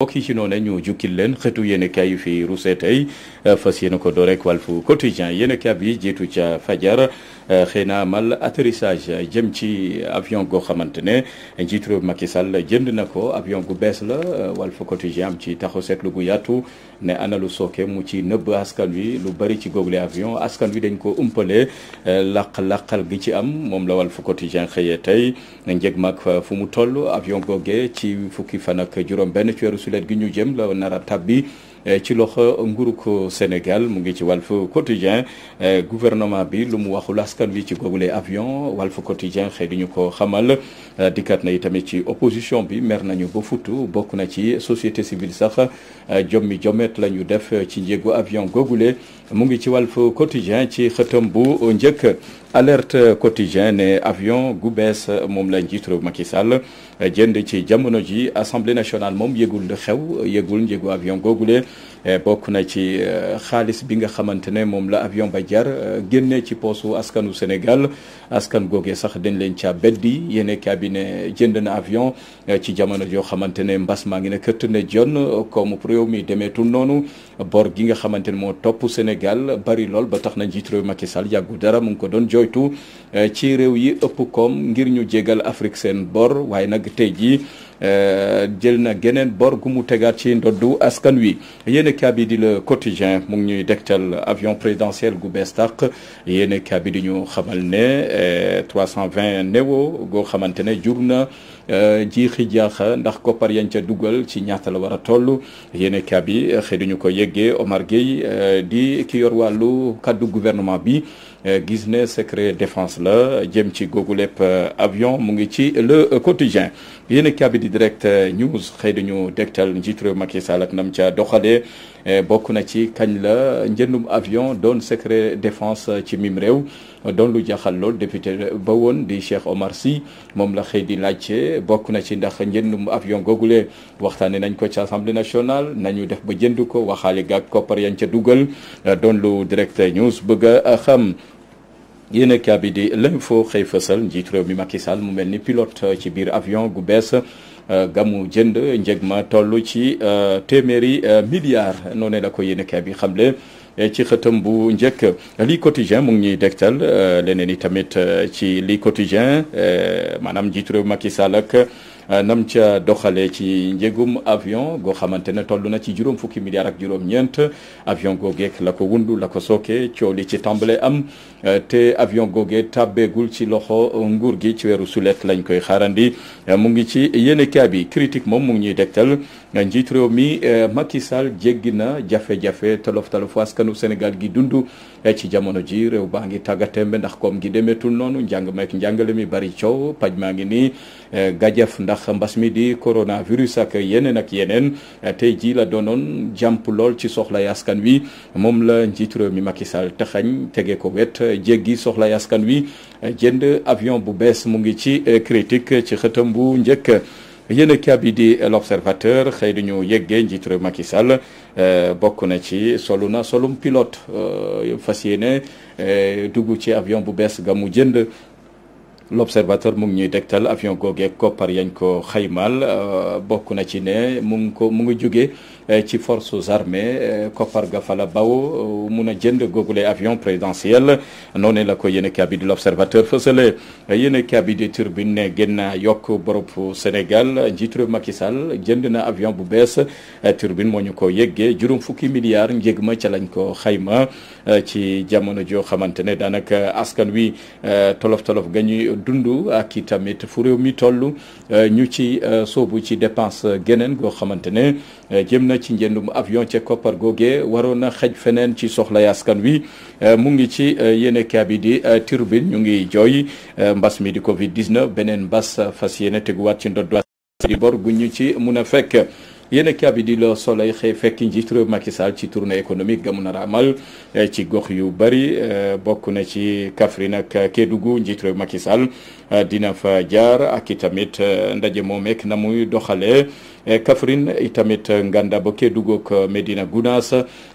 mbokk yi ci noonu ñu jukkil leen xëtu yéenekaay yu fi rusee tey fas yéene ko door rek Walf Quotidien yéenekaay bi jiitu ca fajar Euh, xëy na amal atterrissage jëm ci avion goo xamante ne njiitu réew Macky Sall jënd na ko avion gu bees la euh, Walf Quotidien am ci taxaw seetlu gu yaatu ne ana lu sooke mu ci nëbb askan wi lu bari ci google avion askan wi dañ ko umpale euh, laq-laqal gi ci am moom la wal Walf Quotidien xëyee tey njeg mag fu mu toll avion googe ci fukki fan ak juróom benn ci weeru sulet gi ñu jëm la nar a tabbi Eh, ci loxo nguurug Sénégal mu ngi ci Walf Quotidien eh, gouvernement bi lu mu waxul askan wi ci googule avion Walf Quotidien xëy diñu ko xamal eh, dikkaat na itamit ci opposition bi mer nañu ba futu bokk na ci société civile sax jommi jommet la ñu def ci njëgu avion googule mu ngi ci Walf Quotidien ci xëtam bu njëkk alerte quotidien ne avion gu bees moom la njiit réew Macky Sall jënd ci jamono ji assemblée nationale moom yëgul xew yëgul njëgu avion googule Eh, bokk na ci eh, xaalis bi nga xamante ne moom la avion ba jar eh, génnee ci poosu askanu Sénégal askan googee sax dañ leen caa beddi yéene cabinet jënd na avion ci jamono joo xamante ne mbas maa ngi ne këtt ne jon comme réew mi demeetul noonu bor gi nga xamante ne moo topp Sénégal bari lool ba tax na njiit réew Macky Sall yàggu dara mu ngi ko doon joytu ci réew yi ëpp koom ngir ñu jégal Afrique seen bor waaye nag tey jii Euh, jël na geneen bor gu mu tegaat ci ndoddu askan wi yéen kaabi di le quotidien mu ngi ñuy dektal avion présidentiel gu bees tàq yéen kaabi di ñu xamal ne 320 euh, néo goo xamante ne jur na euh, jiixi jaaxa ndax koppar yañ ca dugal ci ñaata la war a toll yéen kaabi xëy ñu ko yeggee Omar Gueye di ki yor wàllu kaddu guvernement bi Euh, gis ne secret défense la jëm ci googu lépp euh, avion mu ngi ci le quotidien yéen a kaabi di direct euh, news xëy dañu dektal njiit réew Macky Sall ak nam ca doxalee Eh, bokk na ci kañ la njëndum avion doon secret défense eh, ci mim réew doon lu jaxal lool député ba woon di Cheikh Omar Sy moom la xëy di laajte bokk na ci ndax njëndum avion googule waxtaane nañ ko ci assemblée nationale nañu def ba jënd ko waxaale gaag koppar yañ ca dugal eh, doon lu direct news bëgg a xam yéen a kaa bi di l'info xëy fësal njiit réew mi Macky mu mel ni pilote ci biir avion gu bees Euh, gamu jënd njëg ma toll ci euh, téeméeri euh, milliards noonee la ko yéenekaay bi xamle ci xëtam bu njëkk lii quotidien mu ngi ñuy dektal leneen i tamit ci lii quotidien maanaam njiitu réew Macky Euh, nam ca doxalee ci njëgum avion goo xamante ne toll na ci juróom fukki milliards ak juróom-ñeent avion googeek la ko wundu la ko sooke coow li ci tàmbale am euh, te avion googe tàbbeegul ci loxo nguur gi ci weeru sulet lañ koy xaarandi euh, mu ngi ci yéenekaay bi critique moom mu ngi ñuy dektal njiit réew mi Macky Sall jéggi na jafe-jafe tolof tolofu askanu Sénégal gi dund ci jamono ji réew baa ngi tàggatembe ndax kom gi demeetul noonu njàng meek njàngale mi bari coow paj maa ngi nii gajaf ndax mbas mi di coronavirus ak yeneen ak yeneen tey jii la doonoon jàmp lool ci soxla askan wi moom la njiitu mi Macky Sall taxañ tege ko wet jéggi soxla askan wi jënd avion bu bees mu ngi ci eh, critique ci xëtam bu njëkk yéen a bi di eh, l'observateur xëy du ñu yeggee njiitu réew Macky Sall eh, bokk na ci solu na solum pilote fas yéene dugg ci avion bu bees ga mu jënd l'observateur mu ngi ñuy degtal avion googee koppar yañ ko xaymaal euh, bokk na ci ne mu ngi ko mu ngi jógee Euh, ci forces armées euh, koppar ga fa la baw euh, mun a jënd googule avion présidentiel noonu la ko yéene kabi di l'observateur fësale yéene kabi di turbine ne gën na yokk borob Sénégal njiitu réew Macky jënd na avion bu bees turbine moo ñu ko yëggee juróom fukki milliards njëg ma ca lañ ko xayma ci jamono joo xamante ne daanaka askan wi tolof tolof ga ñu dund ak i tamit fu réew mi toll ñu ci soobu ci dépense geneen goo xamante ne jëm na ci njëndum avion ca koppar googe waroon a xaj feneen ci soxla askan wi euh, mu ngi ci euh, yéene kaabi di euh, turbine ñu ngi jooy mbas mi di Covid 19 beneen mbas fas yéene teguwaat ci ndodd di gu ñu ci mun a fekk. yéen a bi di Le Soleil xëy fekk njiit réew Macky ci tournée économique gamu nar amal eh, ci gox yu bëri eh, bokk na ci Kaffrine ak Kédougou njiit réew Sall eh, dina fa jaar ak itamit ndaje moom ek na muy doxalee Kaffrine itamit nganda ba Kédougou ak Medina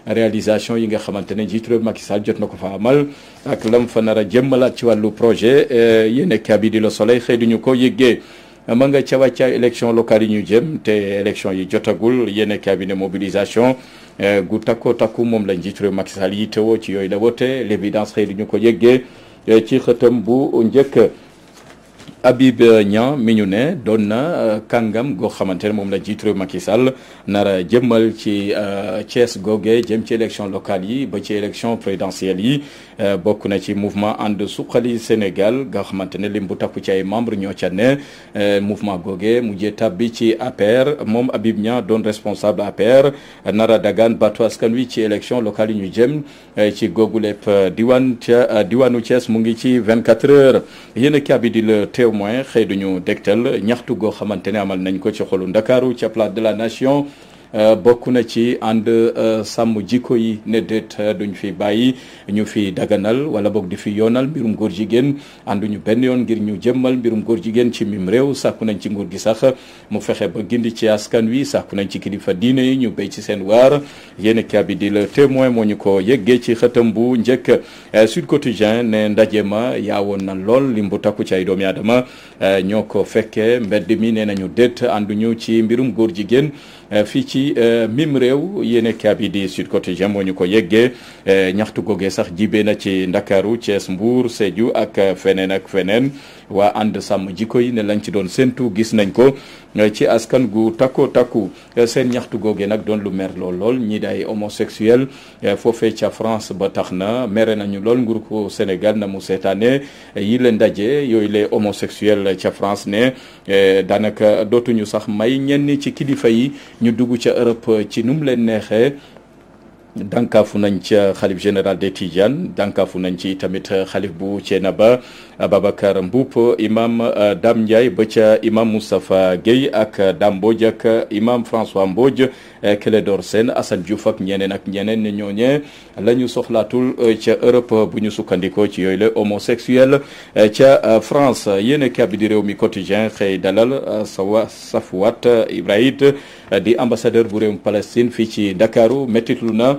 réalisation yi nga xamante ne njiit réew Macky jot na ko fa amal ak lam fa nar a jëmmalaat ci wàllu projet yéen a bi di Le Soleil xëy ko yëggee mën nga ca wàccaay élection locale yi ñu jëm te élection yi jotagul yéene cabinet mobilisation euh, gu takko takku moom la njiitu réew Macky Sall yi teewoo ci yooyu la wote l'évidence xëy di ñu ko yëggee euh, ci xëtam bu njëkk Habib euh, Niang mi ñu ne doon na euh, kàngam goo xamante ne moom la jiitu réew Macky Sall nar a jëmmal ci euh, Thiès googe jëm ci élection locale yi ba ci élection présidentielle yi bokk na ci mouvement ànd suqali Sénégal nga xamante ne li bu takku ci ay membres ñoo ca ne mouvement googe mujjee tàbbi ci APR moom Habib Niang doon responsable APR nar a dagaan batu askan wi ci élection local yi ñu jëm ci googu lépp diwaan ca diwaanu Thiès mu ngi ci 24 heures yéen a kii témoin xëy duñu dégtal ñaxtu goo xamante ne amal nañ ko ci xolu Ndakaaru ca de la Nation Euh, bokk na ci ànd euh, sàmm jikko yi ne déet euh, duñ fi bàyyi ñu fi daganal wala boog di fi yoonal mbirum góor jigéen ànduñu benn yoon ngir ñu jëmmal mbirum góor jigéen ci mim réew sàkku nañ ci nguur gi sax mu fexe ba gindi ci askan wi sàkku nañ ci kilifa diine yi ñu béy ci seen waar yéen kaabi di le témoin moo ñu ko yëggee ci xëtam bu njëkk Sud Quotidien ne ndaje ma yaawoon na lool lim bu takku ci ay doomi aadama ñoo ko fekkee mbedd mi nee nañu déet ànduñu ci mbirum góor jigéen Euh, fii ci euh, mim réew yéen kaabi di Sud Quotidien moo ñu ko yeggee euh, ñaxtu googee sax jibee na ci Ndakaaru Thiès Mbour Sédhiou ak feneen ak feneen waa ànd sàmm jikko yi ne lañ ci doon séntu gis nañ ko ci askan gu takko takku seen ñaxtu googee nag doon lu mer lool lool ñii day homosexuel foofee ca France ba tax na mere nañu lool nguur ko Sénégal na mu seetaane yi leen ndaje yooyu les homosexuels ca France ne daanaka dootuñu sax may ñenn ci kilifa yi ñu dugg ca Europe ci nu leen neexee dànkaafu nañ ca xalif général des Tidiane dànkaafu nañ ci tamit xalif bu Thiénaba Babacar Mboup imam euh, Dame Ndiaye ba ca imam Moustapha Guèye ak Dame Mbodj ak imam François Mbodj euh, Clédor Sène Assane Diouf ak ñeneen ak ñeneen ñooñee lañu ñu soxlaatul euh, ca Europe bu ñu sukkandikoo ci yooyu la homosexuel ca France yéen kabbi di réew mi quotidien xëy dalal sawa Safwat Ibrahim di ambassadeur bu réewum Palestine fii ci Dakaru mettitlu na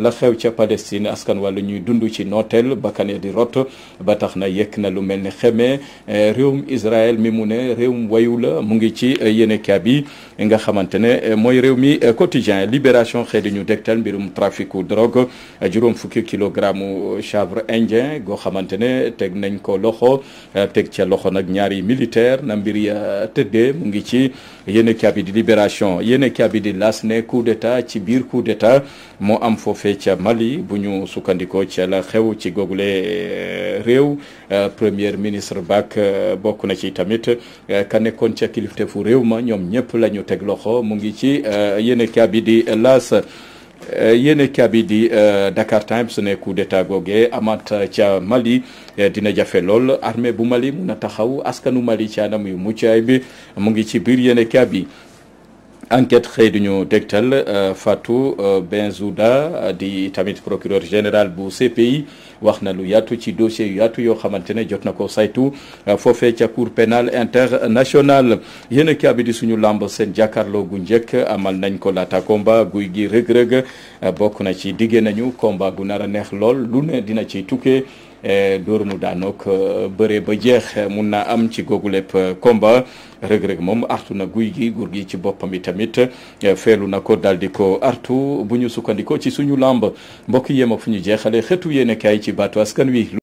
la xew ca Palestine askan walla ñuy dund ci nooteel bakkan ya di rot ba tax na yekk na lu mel ni xeme eh, réewum Israël mi mu ne réewum wayu la mu ngi ci eh, yéenekaay bi nga xamante ne eh, mooy réew mi quotidien libération xëy di ñu dégtal mbirum traficu drogue juróom fukki kilogramme chanvre indien goo xamante ne teg nañ ko loxo teg ca loxo nag ñaari militaire na mbir ya tëddee mu ngi ci yéenekaay bi di libération yéenekaay bi di las ne coup d'état ci biir coup d'état moo am foofe foofee ca Mali bu ñu sukkandikoo ca la xew ci googule eh, réew eh, premier ministre Bak eh, bokk na ci tamit ka nekkoon ca kilifte fu réew ma ñoom ñëpp la ñu teg loxo mu ngi ci yéen a di las yéen kabi di Dakar Times ne coup d'état googe amat ca Mali dina jafe lool armée bu Mali mun a taxaw askanu Mali ci anam yu mucc ayib bi mu ngi ci biir yéen kabi enquête xëy duñu dégtal euh, Fatou euh, Bensouda di tamit procureur général bu CPI wax na lu yaatu ci dossier yu yaatu yoo xamante ne jot na ko saytu euh, foofee ca cour pénale internationale yéen a kaabi di suñu làmb seen jàkkaarloo gu njëkk amal nañ ko laata combat guy gi rëg-rëg bokk na ci diggé nañu combat gu nar a neex lool lu ne dina ci tukkee Eh, dóor mu daanook eh, bëre ba jeex eh, mun naa am ci googu lépp komba rëg-rëg moom artu na guy gi guur gi ci boppam i tamit feelu na ko daal di ko artu bu ñu sukkandikoo ci suñu lamb mbokk yéem ak fu ñu jeexale xëtu yéene kaay ci baatu askan wi